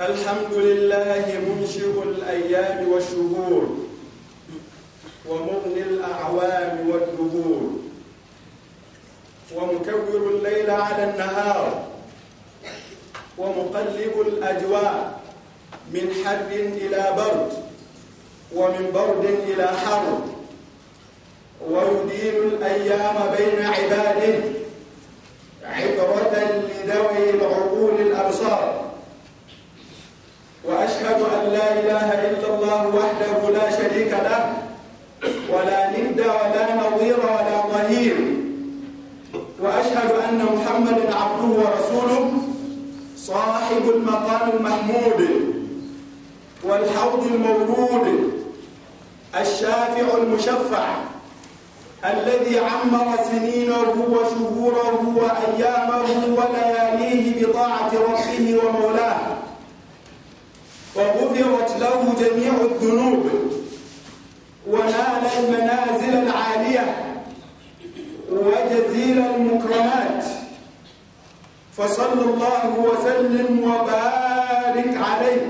الحمد لله منشئ الأيام والشهور ومغني الأعوام والدهور ومكور الليل على النهار ومقلب الأجواء من حر إلى برد ومن برد إلى حر ويدين الأيام بين عباده الله وحده لا شريك له ولا ند ولا نظير ولا ظهير وأشهد أن محمدا عبده ورسوله صاحب المقام المحمود والحوض المورود الشافع المشفع الذي عمر سنينه وشهوره وأيامه ولياليه بطاعة ربه ومولاه وهو الذنوب ونال المنازل العالية وجزيل المكرمات فصلى الله وسلم وبارك عليه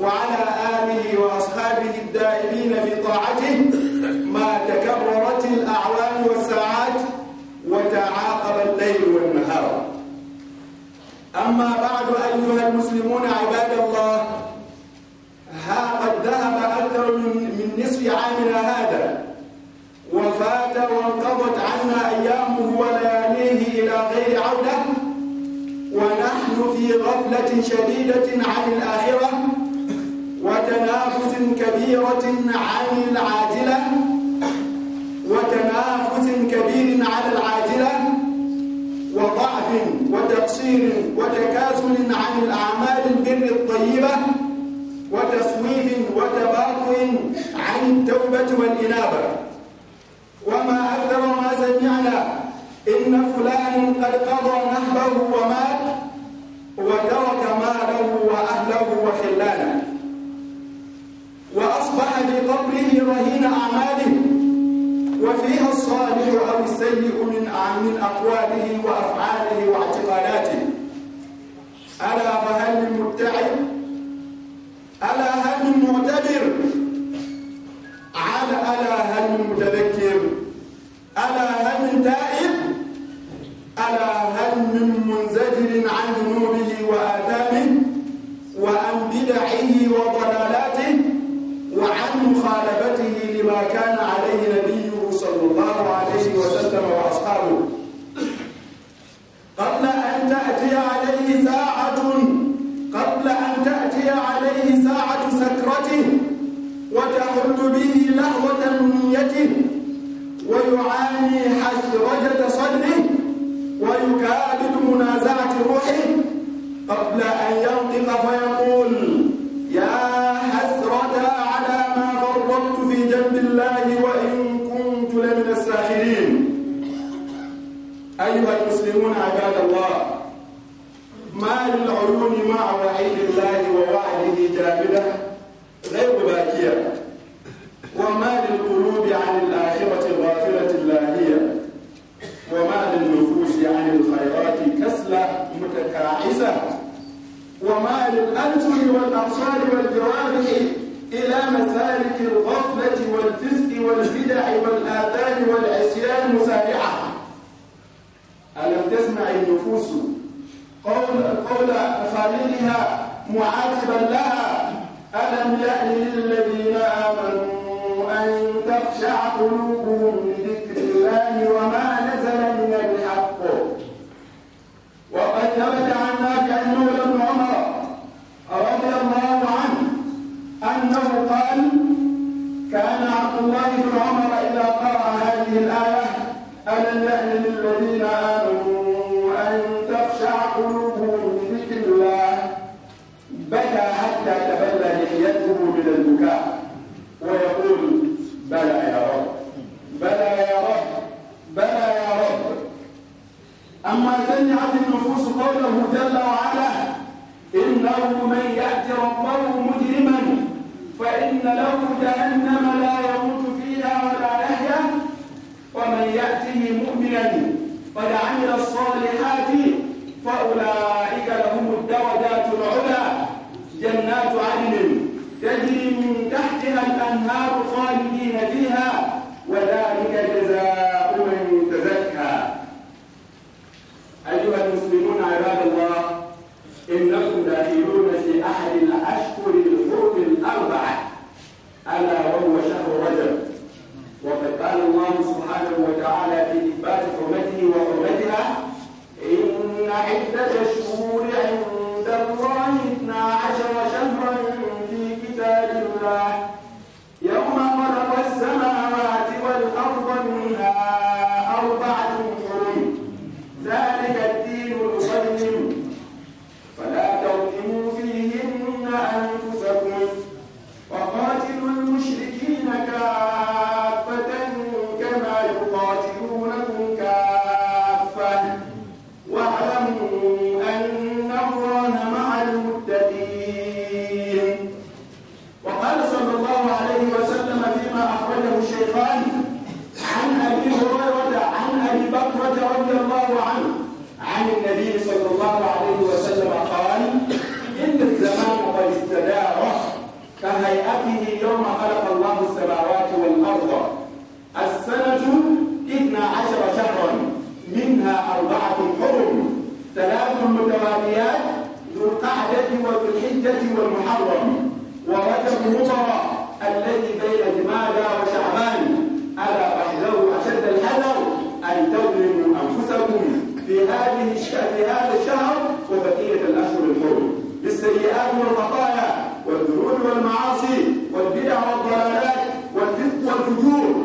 وعلى آله وأصحابه الدائمين في طاعته ما تكررت الأعوام والساعات وتعاقب الليل والنهار أما بعد أيها المسلمون عباد الله ها قد ذهب أكثر من نصف عامنا هذا وفات وانقضت عنا أيامه ولياليه إلى غير عودة ونحن في غفلة شديدة عن الآخرة وتنافس كبيرة عن العاجلة وتنافس كبير على العاجلة وضعف وتقصير وتكاسل عن الأعمال البر الطيبة وتصويف وتباطؤ عن التوبة والإنابة وما أكثر ما سمعنا إن فلان قد قضى نحبه ومات وترك ماله وأهله وخلانه وأصبح في قبره رهين أعماله وفيها الصالح أو السيء من من أقواله وأفعاله واعتقاداته ألا فهل مبتعد ألا هل من معتبر على ألا هل من متذكر ويعاني حشرجة صدره ويكابد منازعة روحه قبل أن ينطق فيقول التواتر والأنصار والجوارح إلى مسالك الغفلة والفسق والبدع والآثام والعصيان مسارعة ألم تسمع النفوس قول قول خليلها معاتبا لها ألم يأن للذين آمنوا أن تخشع قلوبهم لذكر الله وما نزل من الحق وقد ثبت عن نافع أنه لم أنه قال كان عبد الله بن عمر إذا قرأ هذه الآية ألم يأن للذين آمنوا أن تخشع قلوبهم لذكر الله بكى حتى تبلى لحيته من البكاء ويقول بلى يا رب بلى يا رب بلى يا رب أما سمعت النفوس قوله جل وعلا إنه من يأتي ربه مجرما فإن له جهنم لا يموت فيها ولا يحيا ومن يأته مؤمنا قد عمل الصالحات فأولئك لهم خلقه يوم خلق الله السماوات والأرض السنة اثنا عشر شهرا منها أربعة حرم ثلاث متواليات ذو القعدة وذو الحجة والمحرم ورجب مطر الذي بين جمادى وشعبان ألا فاحذروا أشد الحذر أن تظلموا أنفسكم في هذه في هذا الشهر وبقية الأشهر الحرم بالسيئات والخطايا والذنوب والمعاصي والبدع والضلالات والفسق والفجور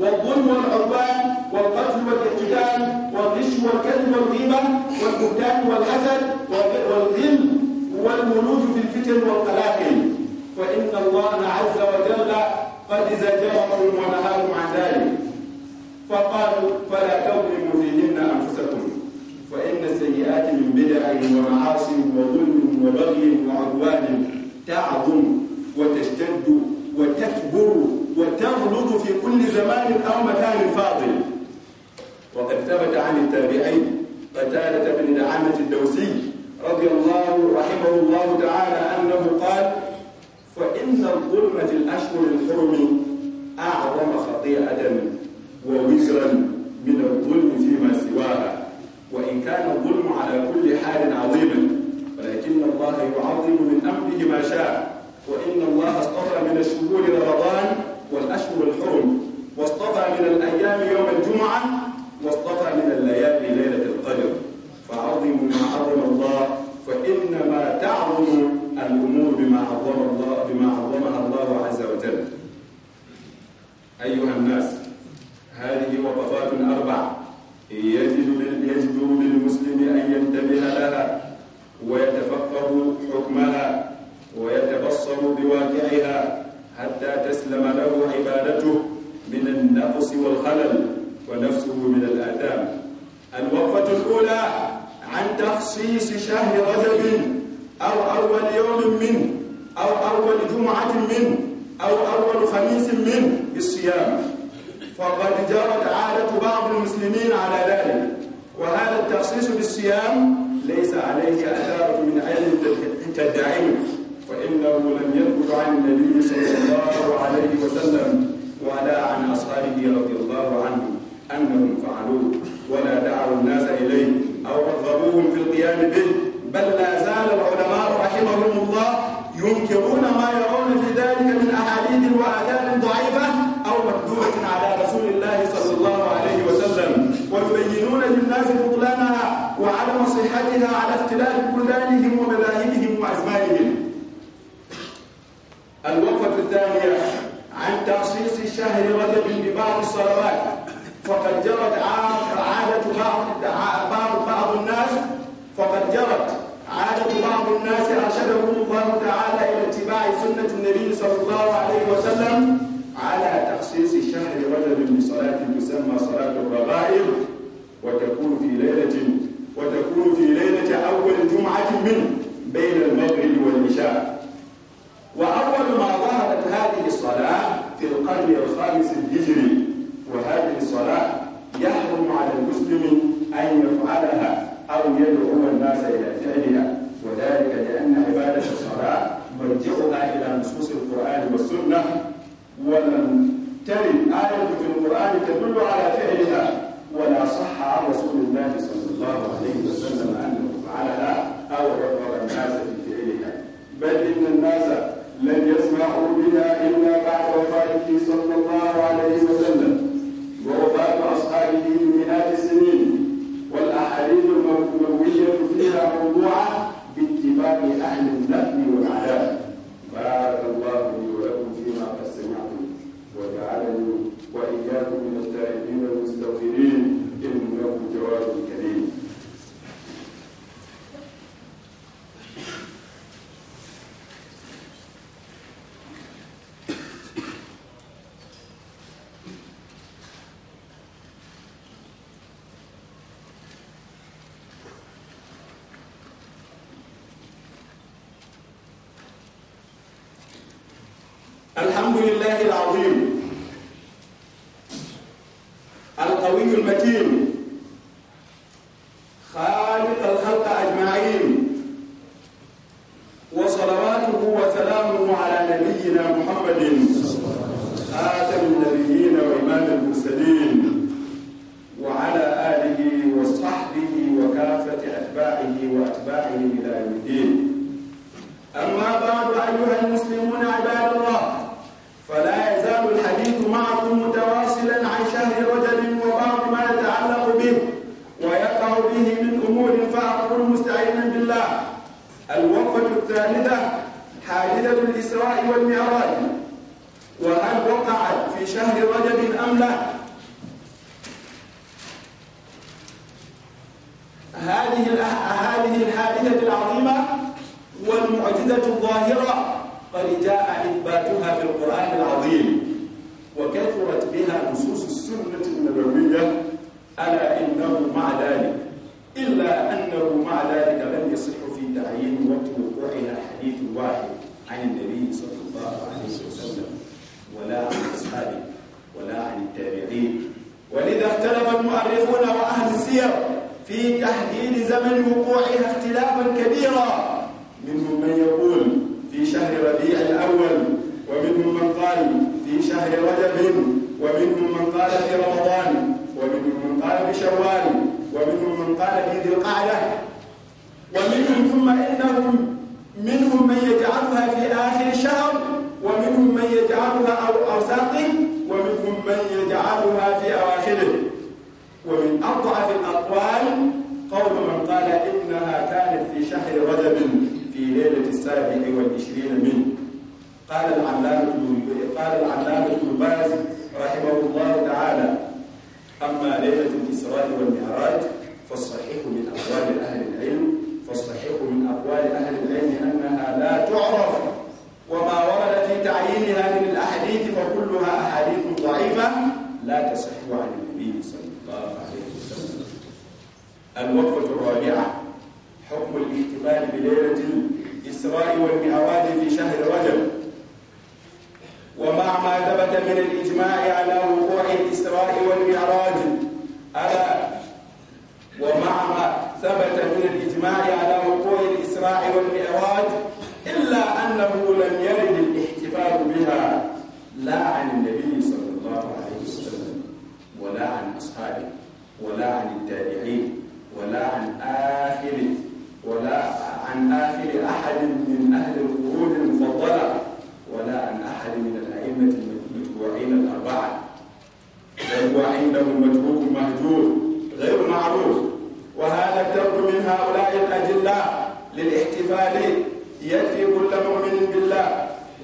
والظلم والعدوان والقتل والاقتتال والغش والكذب والغيبة والبهتان والحسد والظلم والملوج في الفتن والقلاقل فإن الله عز وجل قد زجرهم ونهاهم عن ذلك فقالوا فلا تظلموا فيهن أنفسكم فإن السيئات من بدع ومعاصي وظلم وبغي وعدوان تعظم وتشتد وتكبر وتغلط في كل زمان أو مكان فاضل وقد ثبت عن التابعين قتالة بن نعمة الدوسي رضي الله رحمه الله تعالى أنه قال فإن الظلم في الأشهر الحرم أعظم خطيئة ووزرا من الظلم فيما سواها وإن كان الظلم على كل حال عظيما في القيام به بل لا زال العلماء رحمهم الله ينكرون ما يرون في ذلك من أحاديث وآداب ضعيفة أو مكذوبة على رسول الله صلى الله عليه وسلم ويبينون للناس بطلانها وعدم صحتها على اختلاف بلدانهم ومذاهبهم وأزمانهم الوقفة الثانية عن تخصيص شهر رجب ببعض الصلوات الثالثة حادثة الإسراء والمعراج وهل وقعت في شهر رجب أم لا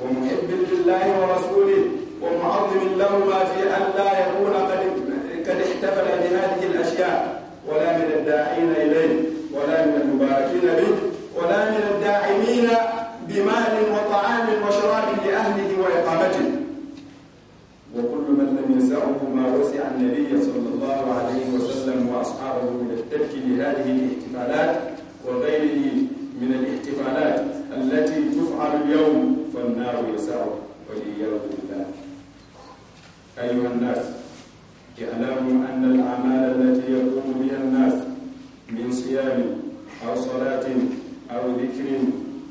ومحب لله ورسوله ومعظم لهما في أن لا يكون قد قد احتفل بهذه الأشياء ولا من الداعين إليه ولا من المباركين به ولا من الداعمين بمال وطعام وشراب لأهله وإقامته وكل من لم يسعه ما وسع النبي صلى الله عليه وسلم وأصحابه من الترك لهذه الاحتفالات وغيره من الاحتفالات har yau fanna ya sa'a wani yau da ayyuan nas ki alamu an al'amala da ta yi kumuliyan nas min siyami aw salatin aw zikirin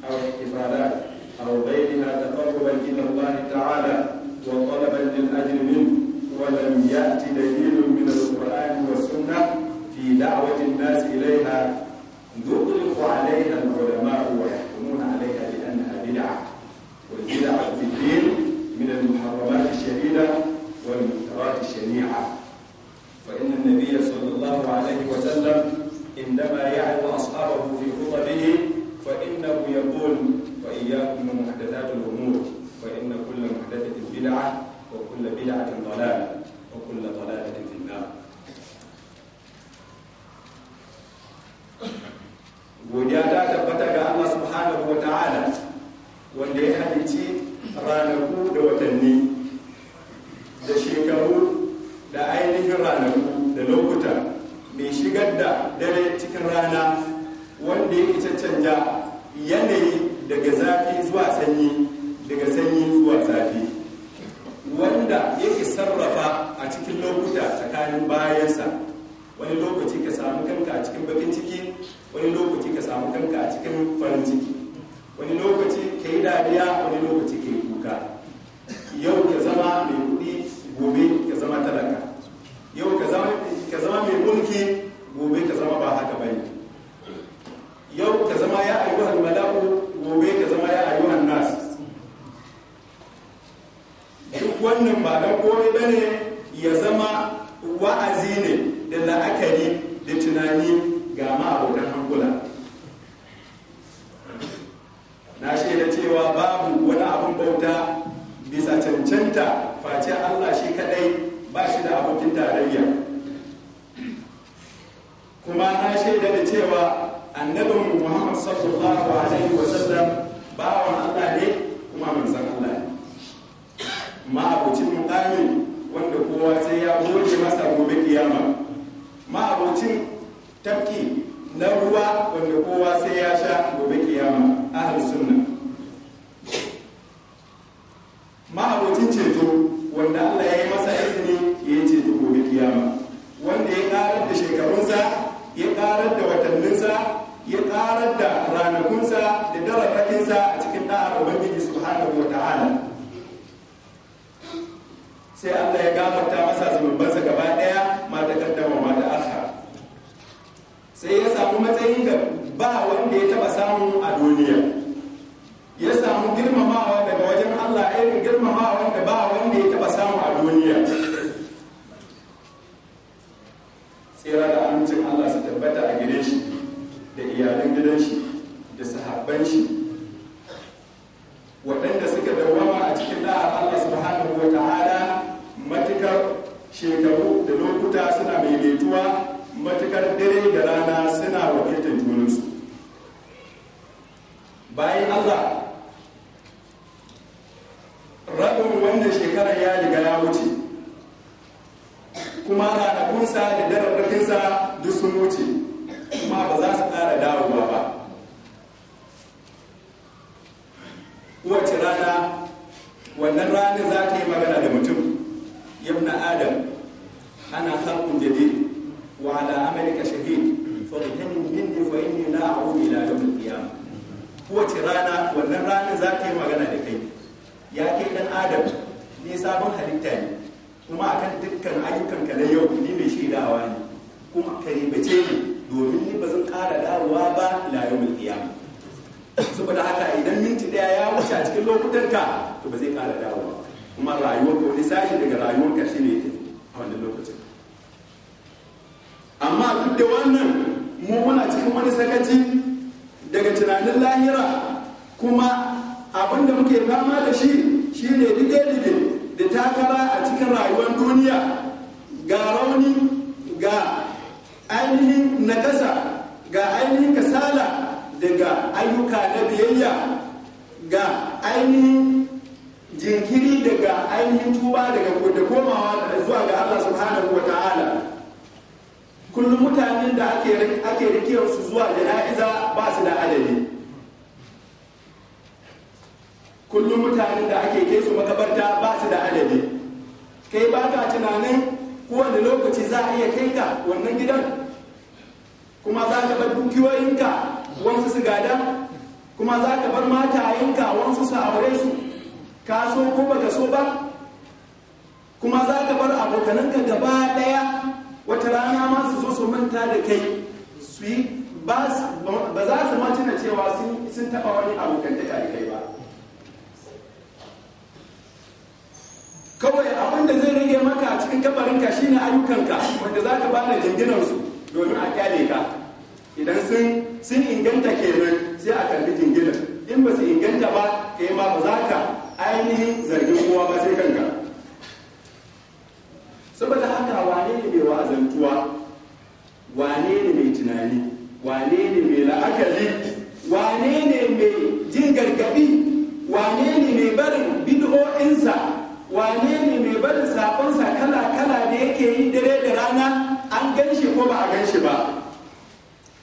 aw ifada aw bayyana da kwakwaban gina Allah ta'ala wa kwalaban din ajirmin ولم يأت دليل من القرآن والسنة في دعوة الناس إليها يطلق عليها العلماء والعلماء الى في الدين من المحرمات الشديدة والمنكرات الشنيعة فإن النبي صلى الله عليه وسلم عندما يعظ أصحابه في خطبه فإنه يقول وإياكم محدثات الأمور فإن كل محدثة بدعة وكل بدعة ضلال وكل ضلالة في النار وجاءت فتك الله سبحانه وتعالى subhanahu ranaku da watanni da shekaru da ainihin ranaku da lokuta mai shigar da dare cikin rana wanda ya ita canja yanayi daga zafi zuwa sanyi daga sanyi zuwa zafi wanda yake sarrafa a cikin lokuta tsakanin bayansa wani lokaci ka samu kanka a cikin bakin ciki wani lokaci ka samu kanka a cikin farin ciki wani lokaci ka yi dariya wani lokaci ka yi yau ka zama mai kuɗi gobe ka zama talaka yau ka zama mai mulki gobe ka zama ba haka bane yau ka zama ya ayyuhan mala'u gobe ka zama ya ayyuhan nas duk wannan ba dan komai bane ya zama wa'azi ne da la'akari da tunani ga ma abokan hankula na shaida cewa babu wani abin bauta bisa cancanta face Allah shi kadai ba shi da abokin tarayya kuma na shaida da cewa annabin Muhammad sallallahu alaihi wa sallam bawan Allah ne kuma manzon Allah ne ma abocin mutane wanda kowa sai ya goge masa gobe kiyama ma abocin tafki na ruwa wanda kowa sai ya sha gobe kiyama ahlus sunna wanda Allah ya yi masa izini ya yi ceto gobe kiyama wanda ya karar da shekarunsa ya karar da watanninsa ya karar da ranakunsa da darakakinsa a cikin da'ar ubangiji subhanahu wa ta'ala sai Allah ya gafarta bayan allah rabin wanda shekarar ya riga ya wuce kuma ranakunsa da dararrakinsa duk sun wuce kuma ba za su ƙara dawowa ba rana wannan ranar za ta yi magana da kai ya kai dan adam ne sabon halitta ne kuma akan dukkan ka na yau ni mai shaidawa ne kuma ka ribace ne domin ni ba zan ƙara dawowa ba ila yawmul qiyamah saboda haka idan minti daya ya wuce a cikin lokutan ka to ba zai ƙara dawowa kuma rayuwar ka wani sashi daga rayuwar ka shine a wannan lokacin amma duk da wannan mu muna cikin wani sakaci daga tunanin lahira kuma abin da muke fama da shi shine rige-rige da takara a cikin rayuwar duniya ga rauni ga ainihin nakasa ga ainihin kasala daga ayyuka na biyayya ga ainihin jinkiri daga ainihin tuba daga da komawa zuwa ga Allah subhanahu wa ta'ala kullum mutanen da ake rikiyar su zuwa jana'iza ba su da adadi kullum mutanen da ake ke su makabarta ba su da adadi kai ba ka tunanin kowane lokaci za a iya kai ka wannan gidan kuma za ka bar dukiyoyinka wansu su gada kuma za ka bar matayenka wansu su aure su ka so ko baka so ba kuma za ka bar abokananka gaba daya wata rana ma su zo su manta da kai su yi ba za su ma cewa sun taɓa wani abokan da kai ba kawai abin da zai rage maka a cikin kabarinka shine ayyukanka wanda za ka bada su domin a kyale ka idan sun sun inganta kenan sai a karbi jinginan in ba su inganta ba kai ma ba za ka ainihin zargin kowa ba sai kanka saboda haka wane ne mai wa'azantuwa wane ne mai tunani wane ne mai la'akari wane ne mai jin gargaɗi wane ne mai barin bid'o'insa wane ne mai barin sabonsa kala kala da yake yi dare da rana an gan shi ko ba a gan shi ba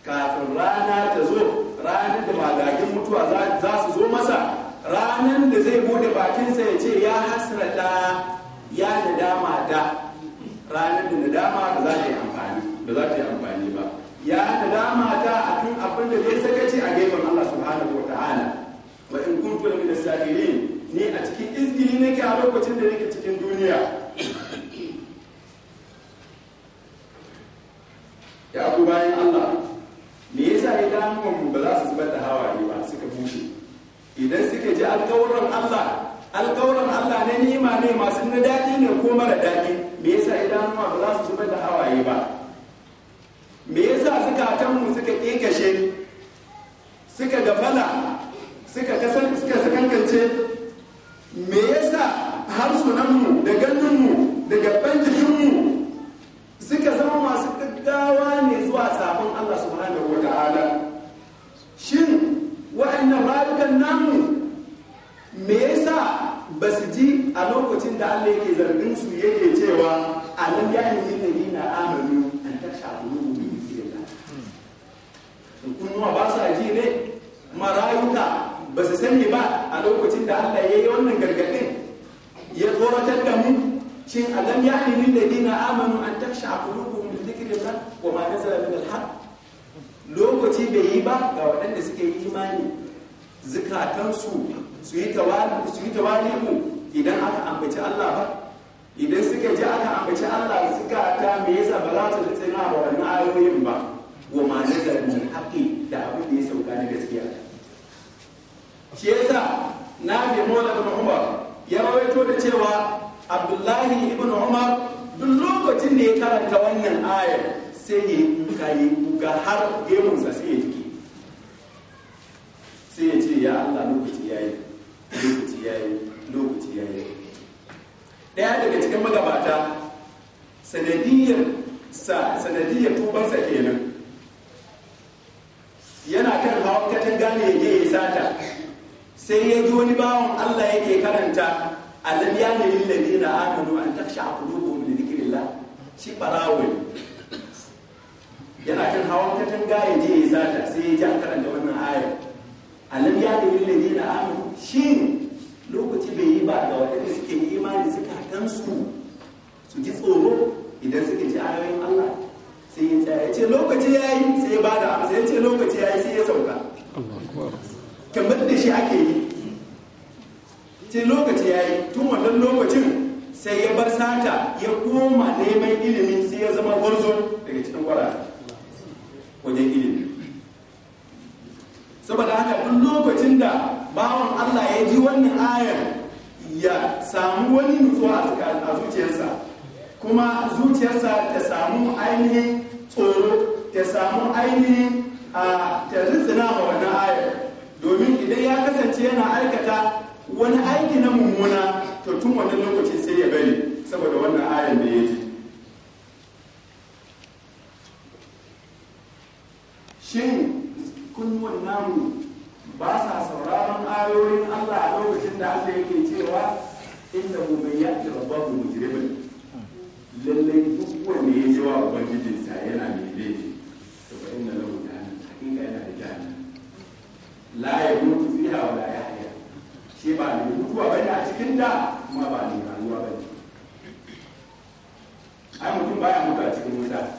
kafin rana ta zo ranar da magagin mutuwa za su zo masa ranar da zai bude bakinsa ya ce ya hasrata ya nadama da ranar da nadama ba za ta yi amfani ba za ta yi amfani ba ya nadama ta akan abin da zai sakaci a gefen Allah subhanahu wa ta'ala wa in kuntum min as ne a cikin izgili nake a lokacin da nake cikin duniya ya ku bayan Allah me yasa idanuwan mu ba za su zubar da hawaye ba suka bushe idan suka ji alƙawarin Allah alƙawarin Allah ne nima ne masu na daɗi ne ko mara daɗi me yasa idanuwa ba za su zubar da hawaye ba me yasa zukatanmu suka ƙeƙashe suka gafala suka kasance suka sakankance me yasa harsunanmu da ganinmu da gaban jikinmu suka zama masu gaggawa ne zuwa sabon Allah subhanahu wa ta'ala shin wa'annan rayukan namu me yasa ba su ji a lokacin da Allah yake zargin su yake cewa a nan ya yi yin na amanu an ta shafi mun da ba sa ji da Allah ya yi wannan gargaɗin ya tsoratar da mu shin alam ya ni lil ladina amanu an taksha qulubuhum li dhikrillah wa ma nazala min al-haq lokaci bai yi ba ga waɗanda suke imani zukatansu su yi tawali su yi tawali idan aka ambaci Allah ba idan suka ji aka ambaci Allah ta me yasa ba za su tsina wa wannan ayoyin ba wa ma nazala min nafi mola ibn umar ya rawaito da cewa abdullahi ibn umar duk lokacin da ya karanta wannan ayar sai ya kuka yi kuka har gemunsa sai ya jiki sai ya ce ya allah lokaci ya yi lokaci ya yi lokaci ya yi ɗaya daga cikin magabata sanadiyar sa sanadiyar tubansa kenan yana kan hawa katin gane ya je ya sata sai ya ji wani bawan Allah yake karanta alam ya ne lillazi na aminu an ta taksha da li dhikrillah shi barawul yana kan hawan katanga ya je ya zata sai ya ji an karanta wannan aya alam ya ne lillazi na aminu shi lokaci bai yi ba ga waɗanda suke yi imani suka kan su ji tsoro idan suka ji ayoyin Allah sai ya tsaya ya ce lokaci ya yi sai ya ba da amsa ya ce lokaci ya yi sai ya sauka shi ake yi ce lokaci ya yi tun wannan lokacin sai ya bar sata ya koma neman ilimi sai ya zama gwarzo daga cikin kwara wajen ilimi saboda haka tun lokacin da bawan Allah ya ji wannan ayar ya samu wani nutsuwa a zuciyarsa kuma zuciyarsa ta samu ainihin tsoro ta samu ainihin a ta rizina wa wannan ayar domin idan ya kasance yana aikata wani aiki na mummuna to tun wannan lokaci sai ya bari saboda wannan ayan da ya ji shin kunnuwan namu ba sa sauraron ayoyin Allah a lokacin da Allah yake cewa inda mu bai yaki mu mujrimin lallai duk wanda ya ji wa ubangijinsa yana mai laifi to fa inna lahu jahannam hakika yana da jahannam la ya mutu fiha wa la shi ba ne mutuwa bane a cikin da kuma ba ne rayuwa bane ne ai mutum baya mutu a cikin wuta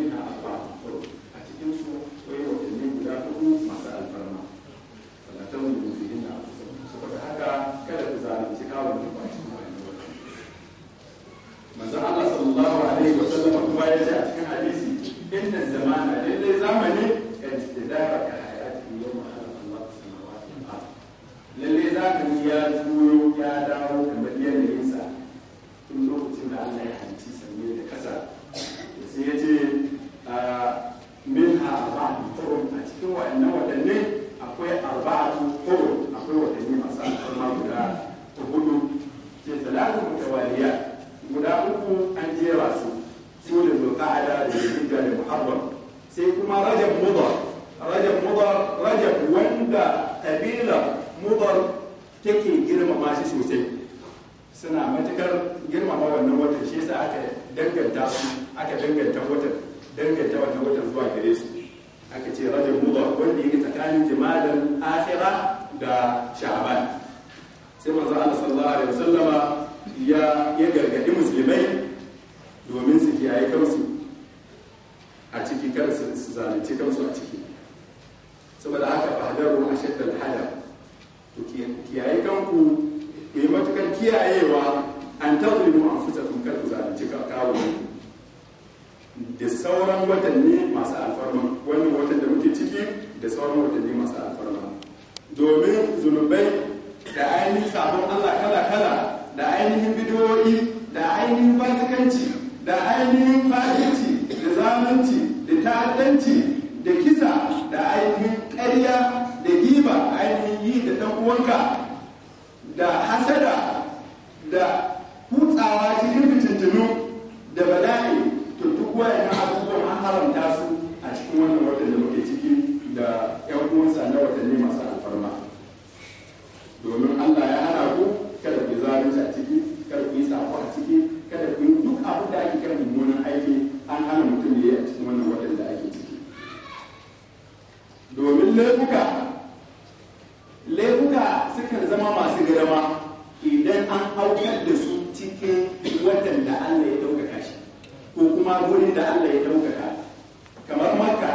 Gracias. shaddal hadar to kiyaye kanku ku yi matukar kiyayewa an tazlimu anfusakum kar ku zalunci kawunan da sauran watanni masu alfarma wannan watan da muke ciki da sauran watanni masu alfarma domin zunubai da ainihin sabon Allah kala-kala da ainihin bidiyoyi da ainihin fasikanci da ainihin fasici da zalunci da ta'addanci da kisa da ainihin ƙarya uwanka da hasada da hutsawa cikin fitintunu da bala'i to duk wayan abubuwan an haramta su a cikin wannan watan da muke ciki da yan uwansa na watanni masu alfarma domin allah ya hana ku kada ku zalunci a ciki kada ku yi sako a ciki kada ku yi duk abu da ake kan mummunan aiki an hana mutum ya yi a cikin wannan watan da ake ciki domin laifuka zama idan an aukar da su cikin watan da Allah ya daukaka shi ko kuma wurin da Allah ya daukaka kamar maka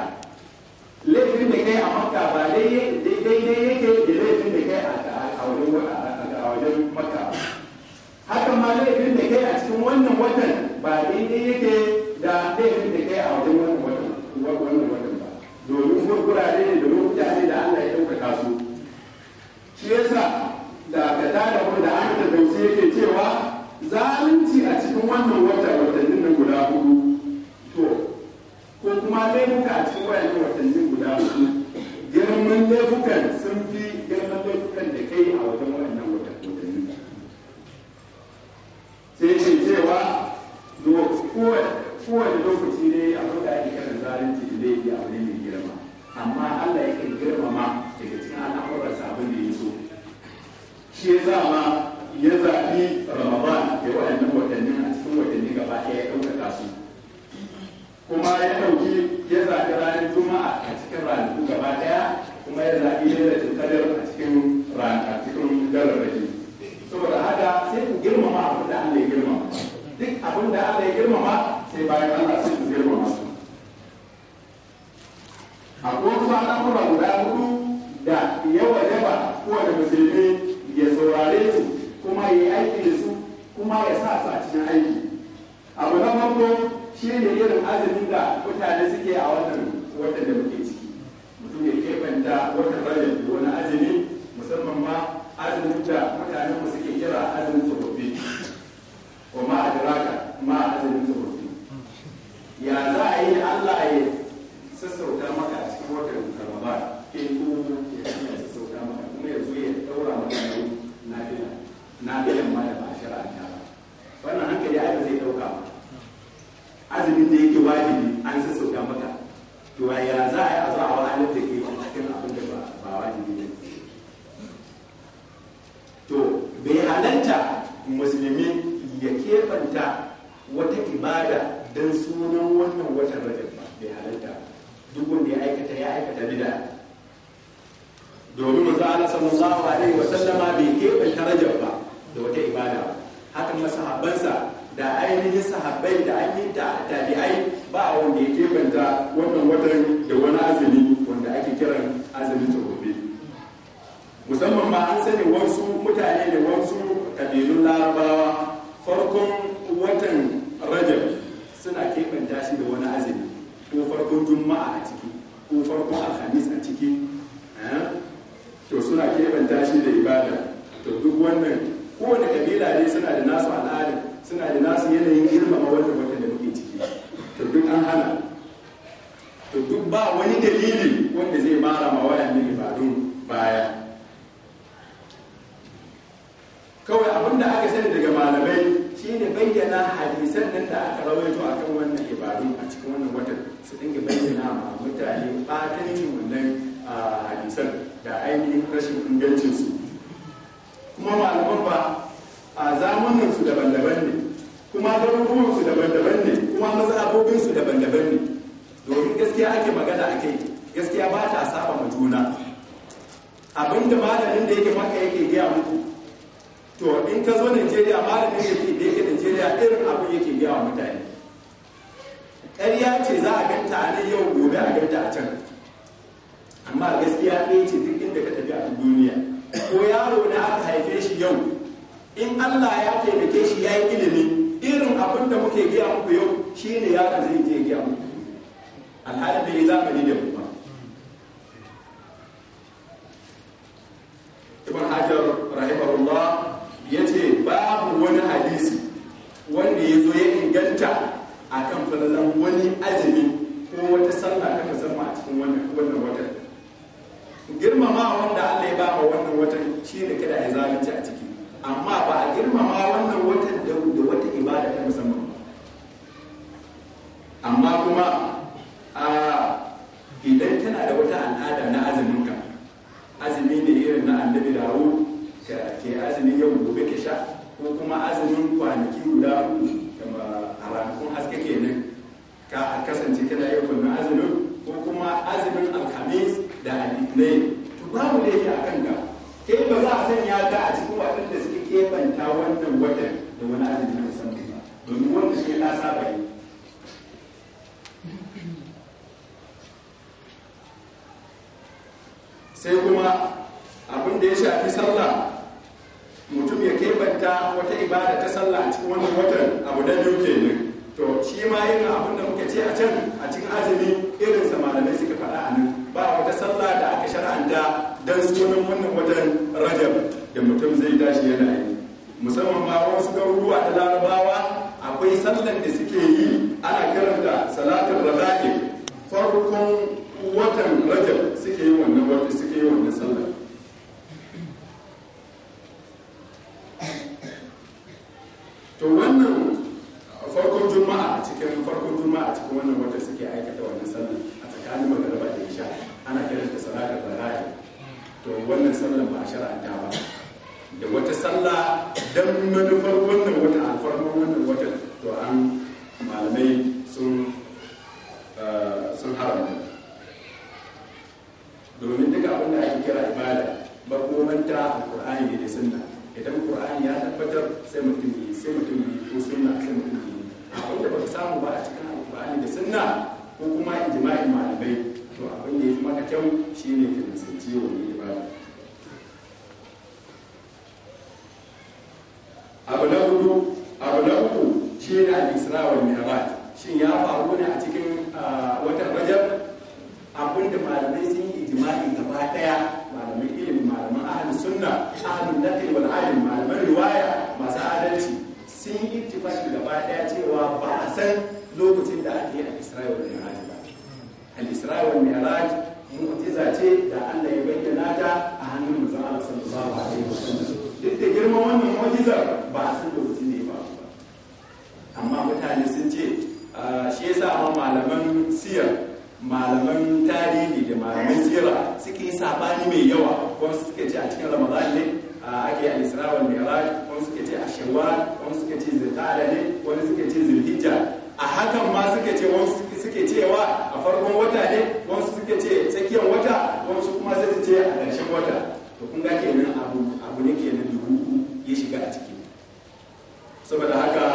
laifin da kai a maka ba daidai yake da laifin da kai a wajen maka haka ma laifin da kai a cikin wannan watan ba daidai yake da laifin da kai a wajen wannan watan ba domin gurgurare ne da lokuta ne da Allah ya daukaka su shi yasa shi ne irin azumin da mutane suke a wannan watan da muke ciki mutum ya kebanta wata rajab da wani azumi musamman ma azumin da mutane mu suke kira azumin tsofaffi ko ma adraka ma azumin tsofaffi ya za a yi Allah ya sassauta maka a cikin watan Ramadan in kuma ya sassauta maka kuma ya zo ya daura maka na bila na bilan ma da ba shara'a ta ba wannan hankali ai zai dauka ba azumin da yake wajibi an sassauta maka to ya za a yi a zuwa wahalar da ke cikin abin da ba wajibi ne to bai halarta musulmi ya kebanta wata ibada don sunan wannan watan rajab ba bai halarta duk wanda ya aikata ya aikata bida domin manzo Allah sallallahu alaihi wa sallama bai kebanta rajab ba da wata ibada hakan masahabansa da ainihin sahabbai da an yi da tabi'ai ba wanda ya kebanta wannan watan da wani azumi wanda ake kiran azumin tsofaffi musamman ma an sani wasu mutane da wasu kabilun larabawa farkon watan rajab suna kebanta shi da wani azumi ko farkon juma'a a ciki ko farkon alhamis a ciki eh? to suna kebanta shi da ibada to duk wannan kowane kabila ne suna da nasu al'adar suna da nasu yanayin girmama wannan wata da muke ciki to duk an hana to duk ba wani dalili wanda zai mara ma wayan ibadun baya kawai abin da aka sani daga malamai shine bayyana hadisan nan da aka rawaito a kan wannan ibadun a cikin wannan watan su dinga bayyana ma mutane batancin wannan hadisan da ainihin rashin ingancinsu kuma malaman ba a zamanin su daban-daban ne kuma garuruwan su daban-daban ne kuma mazhabobin su daban-daban ne domin gaskiya ake magana a kai gaskiya ba ta saba ma juna abinda malamin da yake maka yake gaya muku to in ka zo Najeriya malamin da ke da yake Najeriya irin abu yake gaya wa mutane ƙarya ce za a ganta a nan yau gobe a ganta a can amma gaskiya ɗaya ce duk inda ka tafi a duniya ko yaro na aka haife shi yau in Allah ya taimake shi ya yi ilimi irin abin da muke giya muku yau shi ne ya kan zai je giya muku alhalin da ya zamani da mu ba ibn hajar rahimahullah suke yi ana karanta salatin raza'i farkon watan rajab suke yi wannan wata suke yi wannan sallah mi'raj mu'jiza ce da Allah ya bayyana ta a hannun manzon Allah sallallahu alaihi wasallam duk da girman wannan mu'jizar ba a san lokacin ne ba amma mutane sun ce ah, shi yasa ma malaman siyar malaman tarihi da malaman sira suke sabani mai yawa ko suke ce a cikin ramadan ne ake al-isra wal mi'raj ko suke ce a shawwal ko suke ce zulqa'da ne ko suke ce zulhijja a hakan ma suke ce wasu suke cewa a farkon wata ne wasu suke ce tsakiyar wata wasu kuma sai su ce a ƙarshen wata to kun ga kenan abu abu ne kenan dubu ya shiga a ciki saboda haka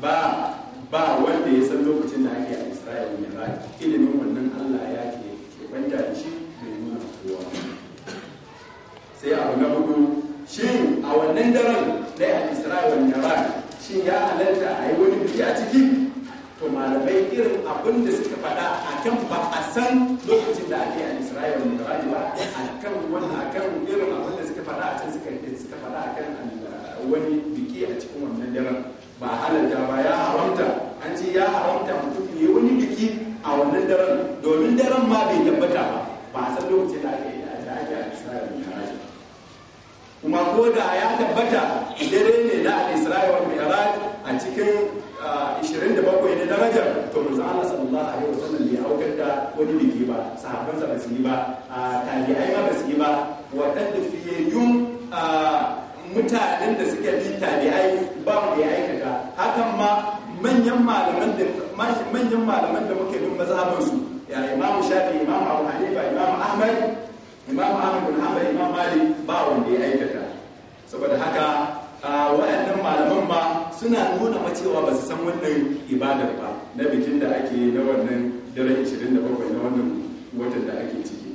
ba ba wanda ya san lokacin da ake a Isra'ila ne ba ilimin wannan Allah ya ke kwanta da shi mai nuna kowa sai abu na hudu shi a wannan daren dai a Isra'ila ne ba shi ya halatta a yi wani biki a ciki to malamai irin abin da suka faɗa a kan ba a san lokacin da ake a isra'ila da rayu ba a kan wani a kan irin abin da suka faɗa a can suka suka faɗa a kan uh, wani biki a cikin wannan daren ba halalta ba ya haramta an ce ya haramta mutum ya wani biki a wannan daren domin daren ma bai tabbata ba ba a san lokacin da ake da ake a isra'ila da rayu kuma ko da ya tabbata dare ne na a israila da rayu a cikin da 27 na darajar to manzo Allah sallallahu alaihi wasallam bai aukar da wani biki ba sahabbansa ba su yi ba tabi'ai ma ba su yi ba waɗanda yun mutanen da suka bi tabi'ai ba mu da ya aikata hakan ma manyan malaman da manyan malaman da muke bin mazhabansu ya imamu shafi imamu abu hanifa imamu ahmad imamu ahmad bin hanbal imamu malik ba wanda ya aikata saboda haka waɗannan malaman ba. suna nuna macewa ba su san wannan ibadar ba na bikin da ake yi na wannan daren 27 na wannan watan da ake ciki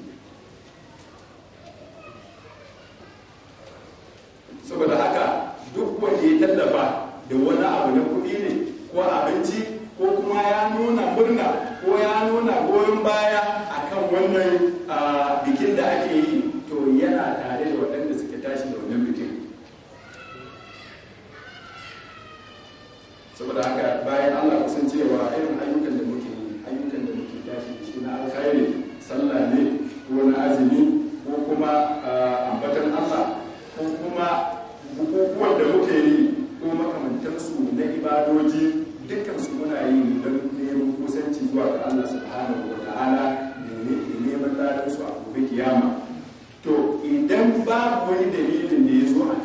saboda haka duk wanda ya tallafa da wani abu na kuɗi ne ko abinci ko kuma ya nuna murna ko ya nuna goyon baya akan wannan ah, bikin da ake yi to yana saboda haka bayan allah cewa irin ayyukan da muke yi ayyukan da muke tashi da shi na alkhairi sallah ne ko na azumi ko kuma ambatan allah ko kuma bukukuwan da muke yi ko makamantansu na ibadoji dukkan su muna yi don neman kusanci zuwa ga allah subhanahu wa ta'ala da neman ladan su a gobe kiyama to idan babu wani dalilin da ya zo a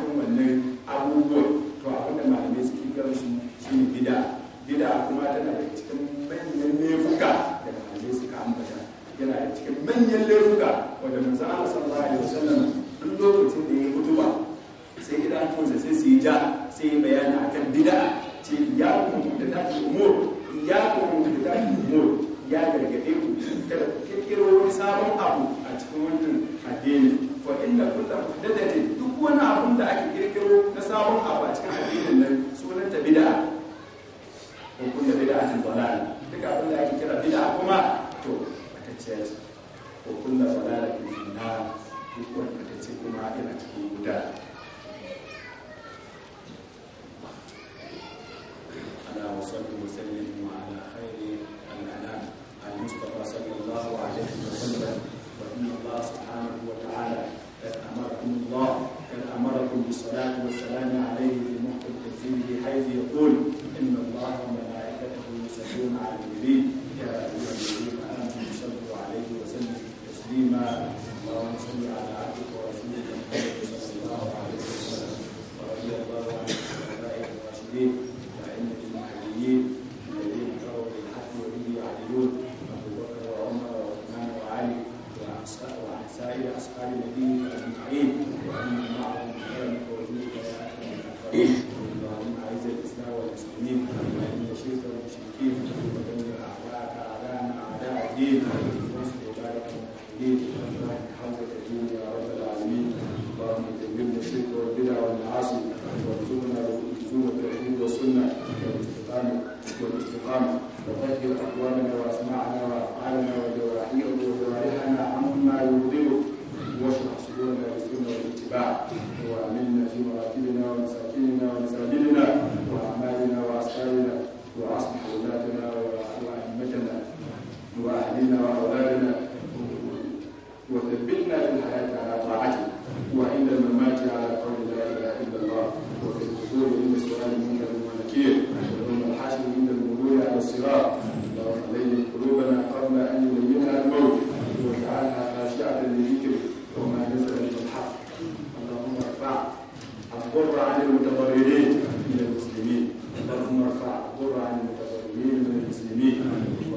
غر عن المتضررين من المسلمين اللهم ارفع غر عن المتضررين من المسلمين